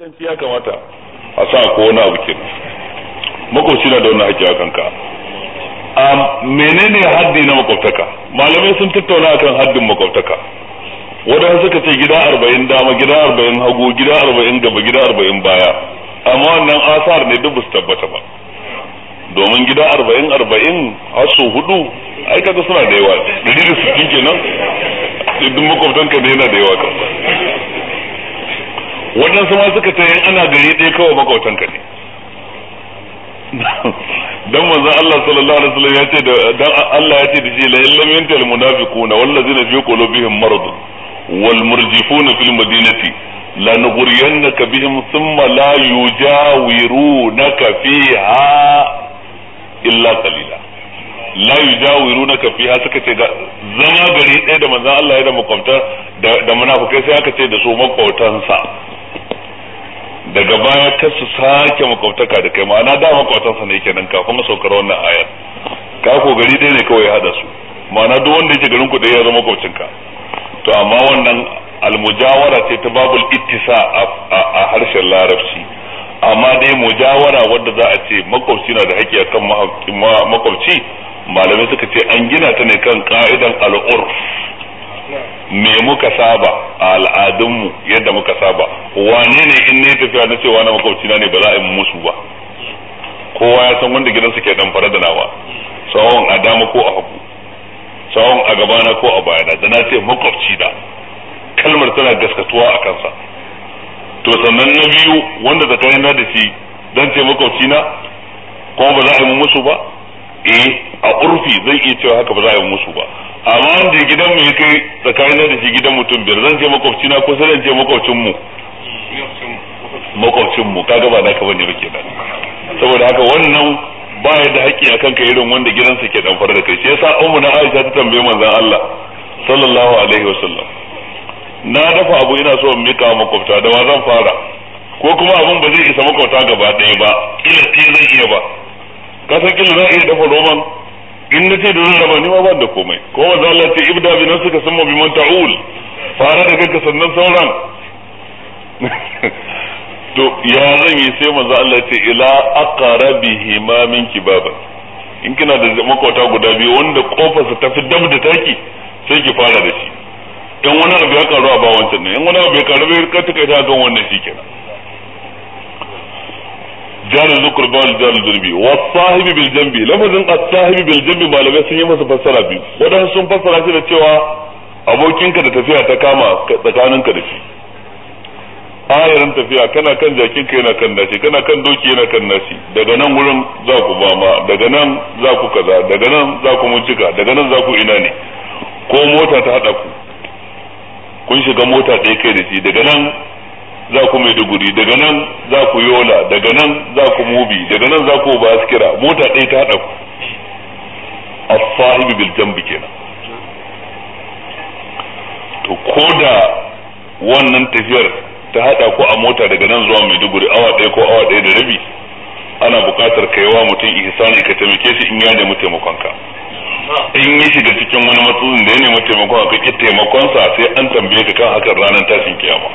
kanci ya kamata a sa ko wani abu kenan makwabci na da wani haƙƙi a kanka menene haddi na makwabtaka malamai sun tattauna akan haddin makwabtaka wadanda suka ce gida arba'in dama gida arba'in hagu gida arba'in gaba gida arba'in baya amma wannan asar ne duk su tabbata ba domin gida arba'in arba'in haso hudu aikata suna da yawa dari da sittin kenan duk makwabtanka ne yana da yawa kan waɗansu ma suka ce in ana gari ɗaya kawai ka ne dan manzon Allah sallallahu alaihi wasallam ya ce da dan Allah ya ce da shi la illam yantal munafiquna wal ladzina fi qulubihim marad wal murjifuna fil madinati la nughriyannaka bihim thumma la yujawirunaka fiha illa qalila la yujawirunaka fiha suka ce zama gari ɗaya da manzon Allah ya da makwabta da munafikai sai aka ce da su makwabtansa daga baya kar su sake makwabtaka da kai ma'ana da makwabtansa ne kenan kafin a saukar wannan ayar ka ko gari dai ne kawai ya hada su ma'ana duk wanda yake garin ku dai ya zama ka. to amma wannan almujawara ce ta babul ittisa a harshen larabci amma dai mujawara wadda za a ce makwabci na da haƙƙi akan makwabci malamai suka ce an gina ta ne kan ka'idan al'urf me muka saba a al'adunmu yadda muka saba wane ne in ne tafiya na cewa na na ne ba za a yi musu ba kowa ya san wanda gidansa ke damfara da nawa tsawon a dama ko a hagu tsawon a gabana ko a bayana da na ce makwabci da kalmar tana gaskatuwa a kansa to sannan na biyu wanda kai na da shi dan ce makwabci na kuma ba za a yi musu ba eh a urfi zai iya cewa haka ba za a yi musu ba amma wanda gidan mu ya kai tsakanin da shi gidan mutum biyar zan ce makwabci na ko sai ce makwabcin mu makwabcin mu kaga ba ka bane ba kenan saboda haka wannan ba ya da haƙƙi akan ka irin wanda gidansa ke dan fara da kai shi yasa ummu na Aisha ta tambaye manzon Allah sallallahu alaihi wasallam na dafa abu ina so in mika makwabta da wa zan fara ko kuma abin ba zai isa makwabta gaba ɗaya ba kila zai iya ba kasan kila za iya dafa roman in na ce da rarraba raba nima ba da komai ko wa zalla ce ibda bi ka san bi man ta'ul fara da kanka sannan sauran to ya zan yi sai maza Allah ce ila bihi ma min baba in kina da makota guda biyu wanda kofarsa ta fi dab da taki sai ki fara da shi dan wani abu ya karu a ba wancan ne in wani abu ya karu bai ka ta kai ta don wannan shi kenan جار zukur ba jihar zunubi wa sahibi bil jambi lafazin as sahibi bil malamai sun yi masa fasara biyu wadansu sun fassara shi da cewa abokinka da tafiya ta kama tsakaninka da shi ayarin tafiya kana kan jakinka yana kan nashi kana kan doki yana kan nashi daga nan wurin za ku bama daga nan za ku kaza daga nan za ku muncika daga nan za ku ina ne ko mota ta hada ku kun shiga mota ɗaya kai da shi daga nan za ku maiduguri daga nan za ku yola daga nan za ku mubi daga nan za ku baskira mota ɗaya ta haɗa ku a sahibi biljan kenan to da wannan tafiyar ta haɗa ku a mota daga nan zuwa maiduguri awa ɗaya ko awa ɗaya da rabi ana buƙatar ka wa mutum ihsani ka taimake shi in ya nemi taimakonka in yi shiga cikin wani matsalolin da ya nemi taimakon ka ki taimakonsa sai an tambaye ka kan hakan ranar tashin kiyama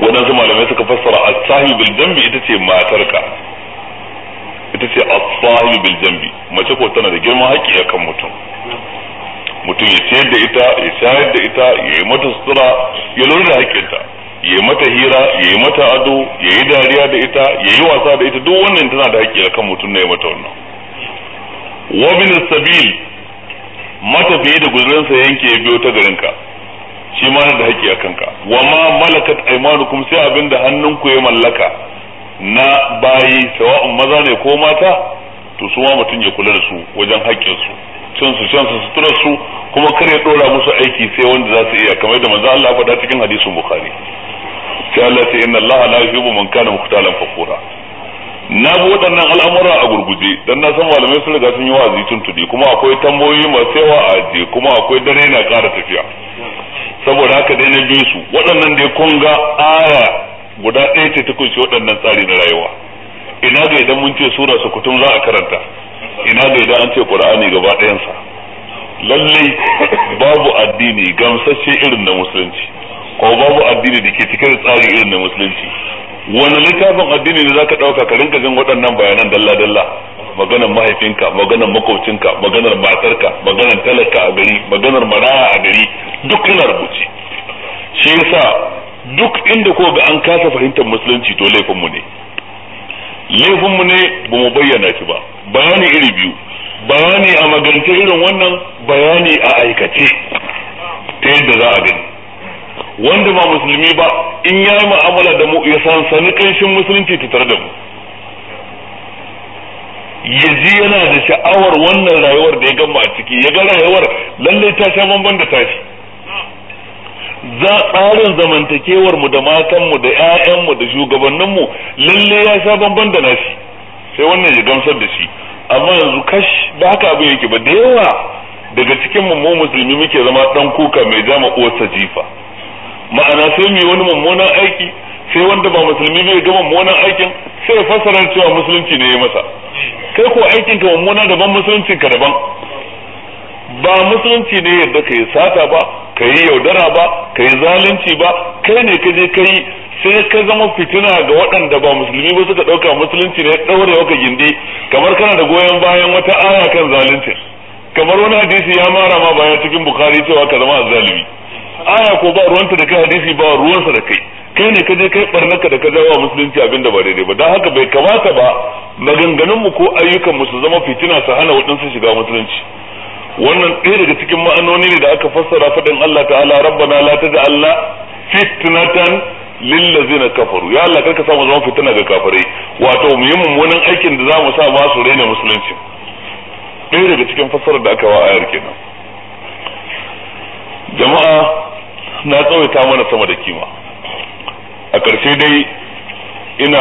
waɗansu malamai suka fassara asahi sahibi bil jambi ita ce matarka ita ce asahi bil jambi mace ko tana da girman haƙi kan mutum mutum ya ciyar da ita ya shayar da ita ya yi mata sutura ya lura da haƙƙinta ya yi mata hira ya yi mata ado ya yi dariya da ita ya yi wasa da ita duk wannan tana da haƙƙi kan mutum na ya mata wannan wa bin sabil matafiye da guzurinsa yanke ya biyo ta garinka shi ma da haƙƙi a kanka wa ma malakat aymanukum sai abinda hannunku ya mallaka na bayi sawa'un maza ne ko mata to su ma mutum ya kula da su wajen haƙƙin su cin su cin su sutura su kuma kar ya dora musu aiki sai wanda za su iya kamar yadda manzo Allah faɗa cikin hadisin Bukhari sai Allah sai inna Allah la yuhibbu man kana mukhtalan fakura na bi waɗannan al'amura a gurguje dan na san malamai sun riga sun yi wa'azi tuntuni kuma akwai tambayoyi masu yawa a ajiye kuma akwai dare na ƙara tafiya saboda haka dai na biyu su waɗannan dai kun ga aya guda ɗaya ce ta kunshi waɗannan tsari na rayuwa ina ga idan mun ce sura kutum za a karanta ina ga idan an ce ƙur'ani gaba ɗayansa lallai babu addini gamsasshe irin na musulunci ko babu addini da ke cike da tsari irin na musulunci wani littafin addini ne zaka dauka ka rinka jin waɗannan bayanan dalla dalla maganar mahaifinka maganar makaucinka maganar matarka maganar talaka a gari maganar maraya a gari duk yana rubuci shi yasa duk inda ko ga an kasa fahimtar musulunci to laifin mu ne laifinmu mu ne ba mu bayyana shi ba bayani iri biyu bayani a magance irin wannan bayani a aikace ta yadda za a gani wanda ba musulmi ba in ya yi mu'amala da mu ya sansani kanshin musulunci tare da mu ya yana da sha'awar wannan rayuwar da ya gama a ciki ya ga rayuwar lallai ta sha bamban da tashi za tsarin zamantakewar mu da matan mu da ƴaƴan mu da shugabannin mu lallai ya sha bamban da nashi sai wannan ya gamsar da shi amma yanzu kash ba haka abin yake ba da yawa daga cikin mu mu musulmi muke zama dan kuka mai jama sa jifa ma'ana sai mai wani mummunan aiki sai wanda ba musulmi bai ga mummunan aikin sai ya fassara cewa musulunci ne ya masa kai ko aikin ka mummuna daban musulunci ka daban ba musulunci ne yadda kai sata ba kai yaudara ba kai zalunci ba kai ne ka je kai sai ka zama fitina ga waɗanda ba musulmi ba suka ɗauka musulunci ne ya ɗaure ka gindi kamar kana da goyon bayan wata aya kan zalunci kamar wani hadisi ya mara ma bayan cikin bukari cewa ka zama zalimi aya ko ba ruwanta da kai hadisi ba ruwansa da kai kai ne ka je kai barnaka da ka jawo musulunci abin da ba daidai ba don haka bai kamata ba maganganunmu ko ayyukanmu su zama fitina su hana waɗansu shiga musulunci wannan ɗaya daga cikin ma'anoni ne da aka fassara faɗin Allah ta'ala rabbana la taj'alna fitnatan lillazina kafaru ya Allah karka samu zama fitina ga kafirai wato mu yi mummunan aikin da zamu sa ma su rena musulunci ɗaya daga cikin fassarar da aka wa ayar kenan jama'a na tsawaita mana sama da kima a ƙarshe dai ina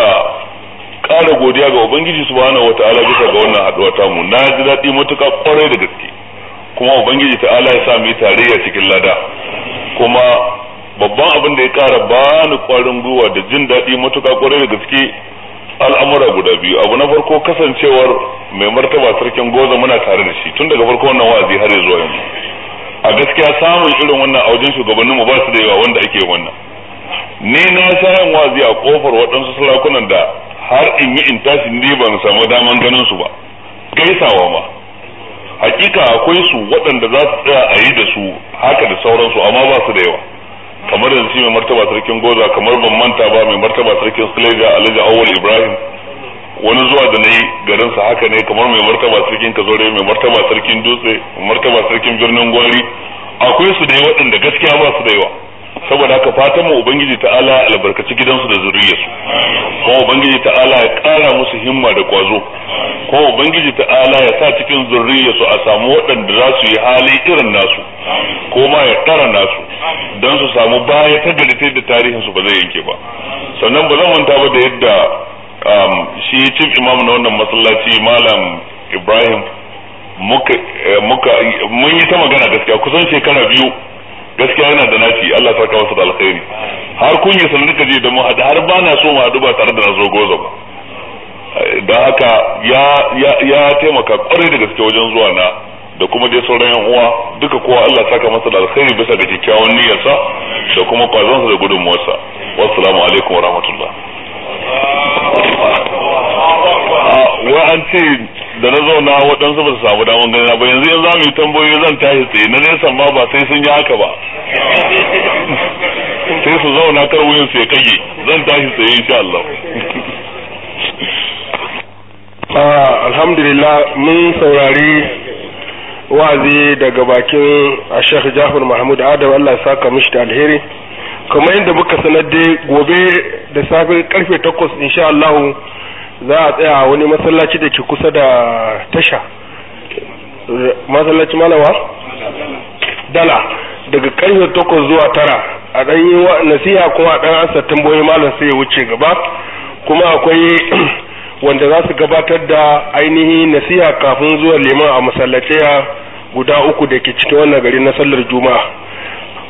ƙara godiya ga ubangiji subhanahu wata'ala bisa ga wannan haɗuwa tamu na ji daɗi matuƙa ƙwarai da gaske kuma ubangiji ta'ala ya sa mu tarayya cikin lada kuma babban abin da ya ƙara bani ƙwarin gwiwa da jin daɗi matuƙa ƙwarai da gaske al'amura guda biyu abu na farko kasancewar mai martaba sarkin goza muna tare da shi tun daga farko wannan wa'azi har zuwa yanzu a gaskiya samun irin wannan a wajen shugabannin mu ba su da yawa wanda ake wannan ni na sayan wazi a kofar waɗansu sarakunan da har in yi in tashi ni ban samu daman ganin su ba gaisawa ma hakika akwai su waɗanda za su tsaya a yi da su haka da sauransu amma ba su da yawa kamar yanzu mai martaba sarkin goza kamar ban manta ba mai martaba sarkin suleja alhaji awwal ibrahim wani zuwa da na yi garinsa haka ne kamar mai martaba sarkin kazore mai martaba sarkin dutse martaba sarkin birnin gwari akwai su da yi waɗanda gaskiya ba su da yawa saboda haka fatan mu ubangiji ta'ala ya albarkaci gidansu da zuriyarsu ko ubangiji ta'ala ya ƙara musu himma da kwazo ko ubangiji ta'ala ya sa cikin zuriyarsu a samu waɗanda za su yi hali irin nasu ko ma ya ƙara nasu don su samu baya ta da tarihin su ba zai yanke ba sannan ba zan manta ba da yadda Um, shi cin imam na wannan masallaci malam ibrahim muka eh, mun yi ta magana gaskiya kusan shekara biyu gaskiya yana da naci Allah saka wasu da alkhairi har kun yi sanin ka da mu har bana so mu haɗu ba tare da na zo goza ba da haka ya taimaka kwarai da gaske wajen zuwa na da kuma dai sauran yan uwa duka kowa Allah saka masa da alkhairi bisa ga kyakkyawan niyyarsa da kuma kwazonsa da gudunmuwarsa wassalamu alaikum warahmatullahi wa an ce da na zauna waɗansu ba su samu daman gani ba yanzu yanzu mu yi tambayoyi zan tashi tsaye na nesan ma ba sai sun yi haka ba sai su zauna kar wuyan su ya kage zan tashi tsaye insha Allah ah, alhamdulillah mun saurari wazi daga bakin ah, Sheikh Jafar Mahmud Adam Allah ya saka mishi da alheri kamar yadda muka sanar da gobe da safe karfe 8 insha Allah za a tsaya wani masallaci da ke kusa da tasha masallaci malawa dala daga karfe takwas zuwa tara a ɗan yi nasiha kuma a ɗan ansa tambayoyi malam sai ya wuce gaba kuma akwai wanda za su gabatar da ainihin nasiha kafin zuwa liman a masallaciya guda uku da ke cikin wannan gari na sallar juma'a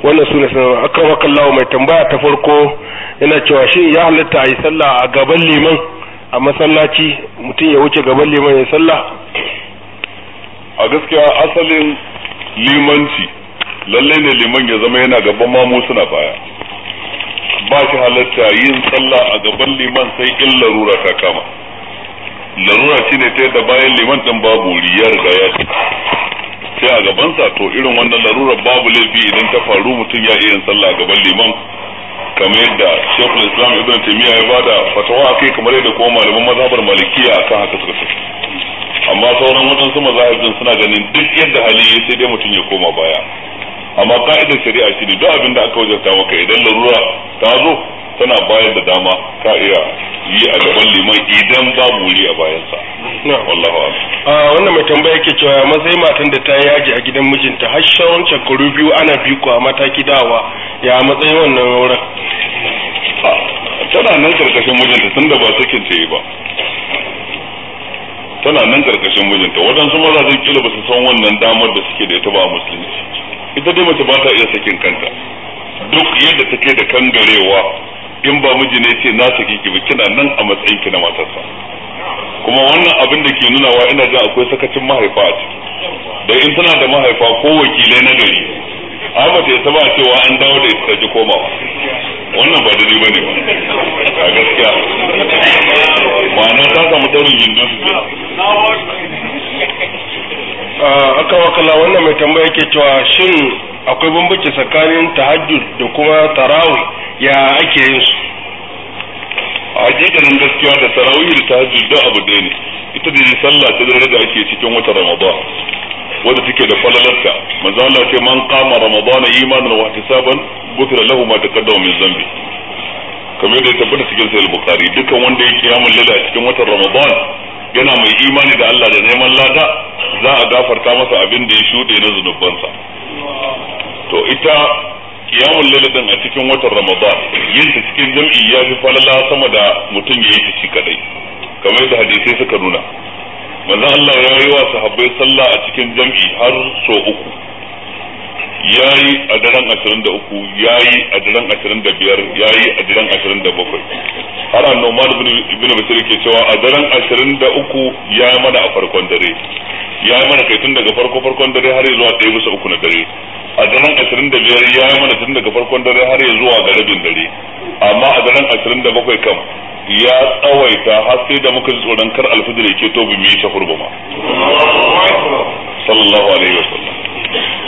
wannan su ne akan wakallawa mai tambaya ta farko yana cewa shi ya halitta a yi sallah a gaban liman a masallaci mutum ya wuce gaban liman ya sallah a gaskiya asalin limanci lalle ne liman ya zama yana gaban mamu suna baya ba shi halatta yin sallah a gaban liman sai in larura ta kama larura shi ne ta yadda bayan liman ɗin babu riyar da ya sai a gabansa to irin wannan larura babu laifi idan ta faru mutum ya iya yin sallah a gaban liman kamar yadda shekul islam ibn taymiya ya bada fatawa a akai kamar yadda kuma malaman mazhabar malikiya akan haka suka ce amma sauran waɗansu mazhabin suna ganin duk yadda hali ya sai dai mutum ya koma baya amma ka'idar shari'a ne duk abin da aka wajarta maka idan larura ta zo tana bayar da dama ka iya yi a gaban liman idan ba wuri a bayansa wallahu a wannan mai tambaya yake cewa matsayi matan da ta yaji a gidan mijinta har shawon shekaru biyu ana ku a mataki dawa ya matsayi wannan wurin tana nan karkashin mijinta tunda ba sakin ce ba tana nan karkashin mijinta waɗansu mazajen kila ba su san wannan damar da suke da ita ba a musulunci ita dai mace ba ta iya sakin kanta duk yadda take da kangarewa in ba miji ne ce na saki ki ba kina nan a matsayin ki na matarsa kuma wannan abin da ke nuna wa ina jin akwai sakacin mahaifa a ciki da in tana da mahaifa ko wakilai na gari a ba ta yasa ba cewa an dawo da ita ji komawa wannan ba ba bane ba a gaskiya ma'ana ta samu daurin hindu su haka wakala wannan mai tambaya yake cewa shin akwai bambanci tsakanin tahajjud da kuma tarawih ya ake yin su a hakikanin gaskiya da tarawih da tahajjud da abu da ne ita da sallah ta dare da ake cikin wata ramadan wanda take da falalarta manzo Allah ce man qama ramadan imanan wa ihtisaban gufira lahu ma taqaddama min zambi kamar da ya tabbata cikin sahih bukhari dukkan wanda ya yamin laila cikin watan ramadan yana mai imani da Allah da neman lada za a gafarta masa abin da ya shuɗe na zunubansa to ita kiyamun lailin a cikin watan ramadan yin ta cikin jam'i ya fi falala sama da mutum ya yi ta shi kadai kamar da hadisai suka nuna manzo Allah ya yi wa sahabbai sallah a cikin jam'i har so uku ya yi a daren 23 ya yi a daren 25 ya yi a daren 27 har an nomad ibn bashir ke cewa a daren ashirin da uku ya yi mana a farkon dare ya yi mana kai tun daga farko farkon dare har zuwa ɗaya bisa uku na dare a daren ashirin da biyar ya yi mana tun daga farkon dare har zuwa ga rabin dare amma a daren ashirin da bakwai kam ya tsawaita har sai da muka ji tsoron kar alfijir ke to bi mu yi shahur ba ma sallallahu alaihi wasallam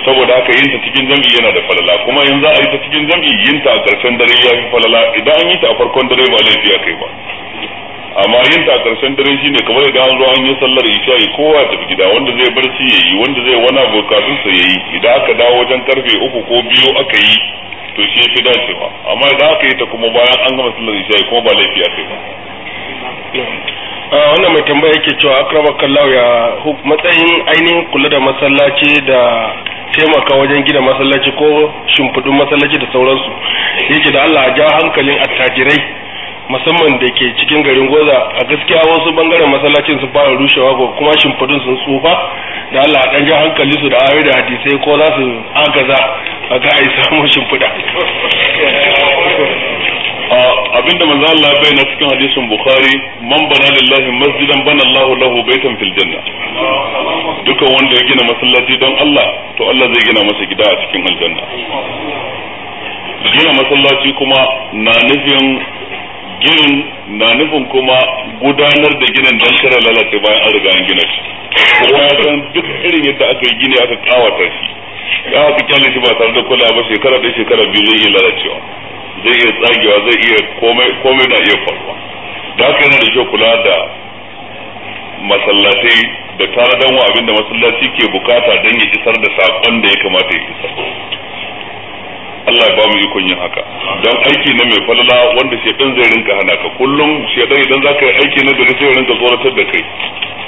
saboda haka yin ta cikin jam'i yana da falala kuma yanzu a yi ta cikin jam'i yin ta a karshen dare ya fi falala idan an yi ta a farkon dare ba laifi a kai ba amma yin ta a karshen dare shine kamar idan an zo an yi sallar yi kowa ya tafi gida wanda zai barci ya yi wanda zai wani abu kafin sa ya yi idan aka dawo wajen karfe uku ko biyu aka yi to shi fi dacewa amma idan aka yi ta kuma bayan an gama sallar yi kuma ba laifi a kai ba Ah, wannan mai tambaya yake cewa akrama kallau ya matsayin ainihin kula da masallaci da taimaka wajen gina masallaci ko shimfiɗin masallaci da sauransu yake da Allah ja hankalin attajirai musamman da ke cikin garin goza a gaskiya wasu bangaren masallacin su fara rushewa ko kuma shimfiɗin sun tsufa da Allah dan ja hankalin su da ayoyi da hadisai ko za su agaza a ga ai samun shimfiɗa abinda manzo Allah ya bayyana cikin hadisin Bukhari man bana lillahi masjidan bana Allah lahu baitan fil janna duka wanda ya gina masallaci don Allah to Allah zai gina masa gida a cikin aljanna gina masallaci kuma na nufin ginin na nufin kuma gudanar da ginin don kare lalace bayan an riga an gina shi kuma san duk irin yadda aka yi gini aka kawata shi ya haka kyale shi ba tare da kula ba shekara da shekara biyu zai iya lalacewa zai iya tsagewa zai iya komai komai na iya faruwa da haka yana da kyau kula da masallatai da dan wa abinda masallaci ke bukata don ya isar da saƙon da ya kamata ya isar Allah ya ba mu ikon yin haka don aiki na mai falala wanda shedan zai rinka hana ka kullum shedan idan za ka yi aiki na gari zai rinka tsoratar da kai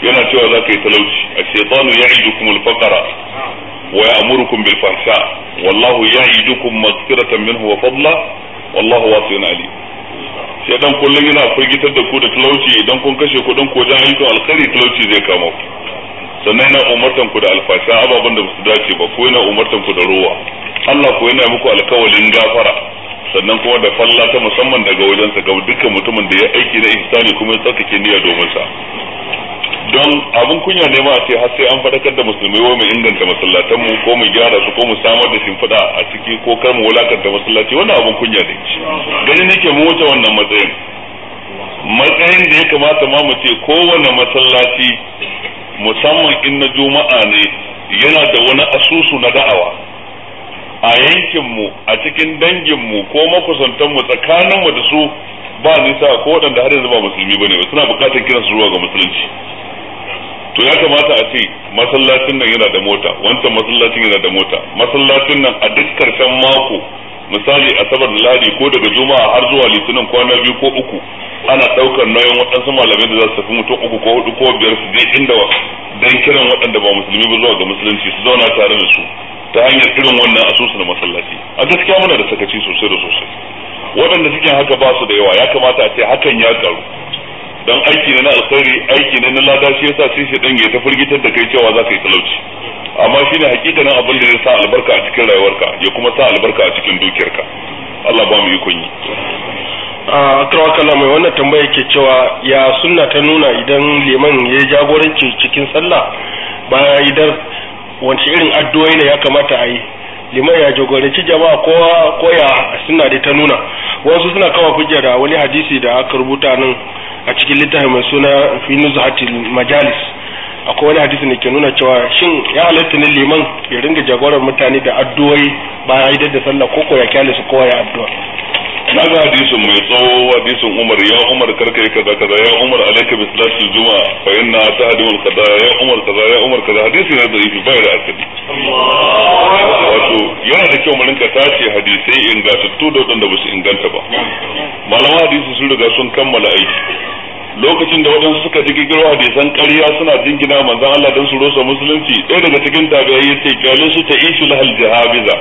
yana cewa za ka yi talauci ash ya yi dukkan alfakara wa ya bil fahsha wallahu ya yi masu maghfiratan min huwa fadla wallahu ali sai dan kullun yana firgitar da ku da talauci idan kun kashe kuɗin dan kojan ayyukan alkhairi talauci zai kama ku sannan yana umartan ku da alfasa ababen da ba su dace ba ko yana umartan ku da ruwa Allah ko yana muku alkawalin gafara sannan kuma da falla ta musamman daga wajensa ga dukkan mutumin da ya aiki na ihsani kuma ya tsarkake niyya domin sa don abin kunya ne ma a har sai an faɗakar da musulmai wai mu inganta masallatan mu ko mu gyara su ko mu samar da shimfiɗa a ciki ko kar mu da masallaci wannan abin kunya ne ganin nake mu wuce wannan matsayin matsayin da ya kamata ma mu ce kowane masallaci musamman in na juma'a ne yana da wani asusu na da'awa a yankin mu a cikin dangin mu ko tsakanin mu da su ba nisa ko waɗanda har yanzu ba musulmi bane suna buƙatar kiran su zuwa ga musulunci to ya kamata a ce masallacin nan yana da mota wancan masallacin yana da mota masallacin nan a duk karshen mako misali asabar da Ladi ko daga juma'a har zuwa litinin kwana biyu ko uku ana daukar nauyin waɗansu malamai da za su tafi mutum uku ko hudu ko biyar su je inda dan kiran waɗanda ba musulmi ba zuwa ga musulunci su zauna tare da su ta hanyar irin wannan asusu na masallaci a gaskiya muna da sakaci sosai da sosai waɗanda suke haka ba su da yawa ya kamata a ce hakan ya karu don aiki ne na alkhairi aiki na lada shi yasa sai shi dan ya ta firgitar da kai cewa za ka yi talauci amma shi shine hakikanin abin da ya sa albarka a cikin rayuwarka ya kuma sa albarka a cikin dukiyarka Allah ba mu yi kunyi a kala mai wannan tambaya ke cewa ya sunna ta nuna idan liman ya yi jagoranci cikin sallah bayan idan wace irin addu'o'i ne ya kamata a yi liman ya jagoranci jama'a ko koya suna da ta nuna wasu suna kawo hujja da wani hadisi da aka rubuta nan a cikin littafin mai suna fi nuzhatil majalis akwai wani hadisi da ke nuna cewa shin ya halatta ne liman ya ringa jagorar mutane da addu'o'i bayan idan da sallah ko ko ya kyale su kowa ya addu'a na ga hadisin mai tsawo hadisin umar ya umar karka yi kaza kaza ya umar alaika bi salatul juma'a fa inna ta'dimu al qada ya umar kaza ya umar kaza hadisi ne da yifi bayar da asali wato yana da kyau mu rinka tace hadisai ingantattu da waɗanda ba su inganta ba malamai hadisi sun riga sun kammala aiki lokacin da waɗansu suka ji gigiro hadisan karya suna jingina manzon Allah don su rosa musulunci ɗaya daga cikin ya ce kyalin su ta ishi lahal jihabiza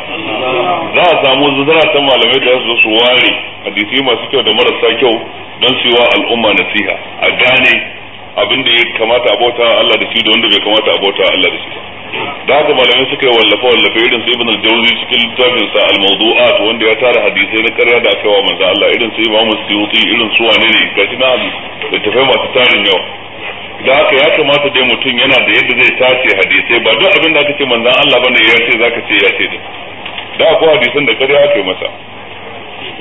za a samu zuzura ta malamai da su su ware hadisai masu kyau da marasa kyau don su yi wa al'umma nasiha a gane abin da ya kamata a bauta Allah da shi da wanda bai kamata a bauta Allah da shi ba da haka malamai suka yi wallafa wallafa irin su ibn al-jawzi cikin littafin sa al-mawdu'at wanda ya tara hadisai na karya da akaiwa wa manzo Allah irin su imam suyuti irin su wane ne shi na da tafai masu tarin yawa da haka ya kamata dai mutum yana da yadda zai tace hadisai ba duk abin da aka ce manzo Allah bane ya ce zaka ce ya ce da akwai hadisan da karya aka yi masa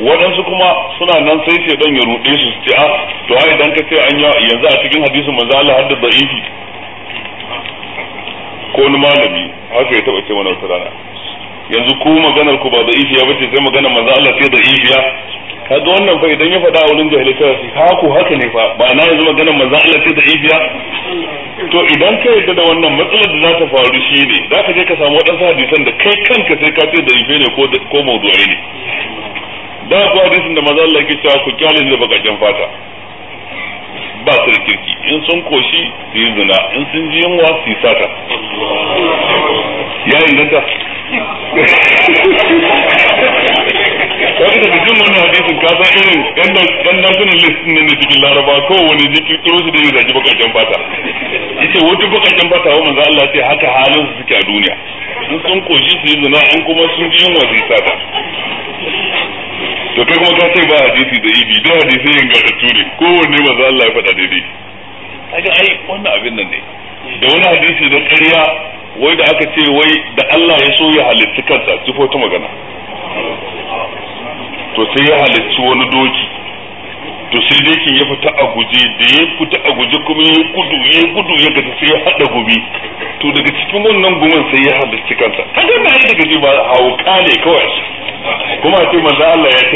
waɗansu kuma suna nan sai ce dan ya ruɗe su ce a ah, to ai dan ka ce an yi yanzu a cikin hadisin manzo Allah hadda da'ifi ko wani malami haka ya taɓa ce mana wata rana yanzu ku maganar ku ba ya bace sai maganar manzo Allah ce ya kaga wannan fa idan ya faɗa a wurin jahilai ta su ha ku haka ne fa ba na yanzu maganar manzo Allah ce ya to idan ka yarda da wannan matsalar da za ta faru shi ne za ka je ka samu waɗansu hadisan da kai kanka sai ka ce da'ife ne ko ko ne ba ku hadisin da maza Allah ke cewa ku kyale da bakakken fata ba su da kirki in sun koshi su yi zina in sun ji yunwa su yi sata ya inganta wani da jin wani hadisin ka san irin yan nasunan listin ne ne cikin laraba ko wani kiro shi da yi zaki bakakken fata yace wata bakakken fata wa maza Allah ce haka halin su suke a duniya in sun koshi su yi zina in kuma sun ji yunwa su yi sata to kai kuma ka ce ba hadisi da ibi da hadisi yin gatattu ne kowanne ba za Allah ya faɗa daidai kaga ai wannan abin nan ne da wani hadisi da ƙarya wai da aka ce wai da Allah ya so ya halitta kansa sifo ta magana to sai ya halicci wani doki to sai dai ke ya fita a guje da ya fita a guje kuma ya gudu ya gudu ya gata sai ya hada gobe to daga cikin wannan gumin sai ya halarci kansa kaga na yi daga ba hauka ne kawai kuma a ce manzan Allah ya ce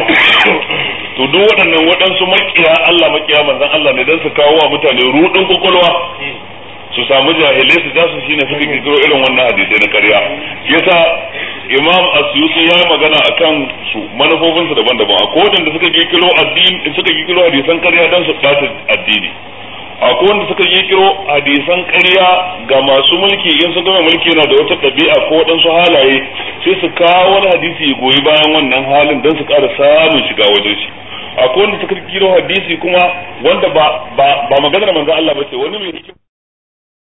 to duk waɗannan waɗansu makiya Allah makiya manzan Allah ne don su kawo wa mutane rudin kwakwalwa su samu jahilai su jasu shine suka kiro irin wannan hadisai na karya yasa imam asyuti ya magana akan su manufofinsa daban-daban akwai da suka kikiro addini suka kikiro hadisan karya don su ɓata addini akwai wanda suka kikiro hadisan karya ga masu mulki in su gama mulki yana da wata ɗabi'a ko waɗansu halaye sai su kawo wani hadisi goyi bayan wannan halin don su ƙara samun shiga wajen shi akwai wanda suka kikiro hadisi kuma wanda ba maganar manzan Allah ba ce wani mai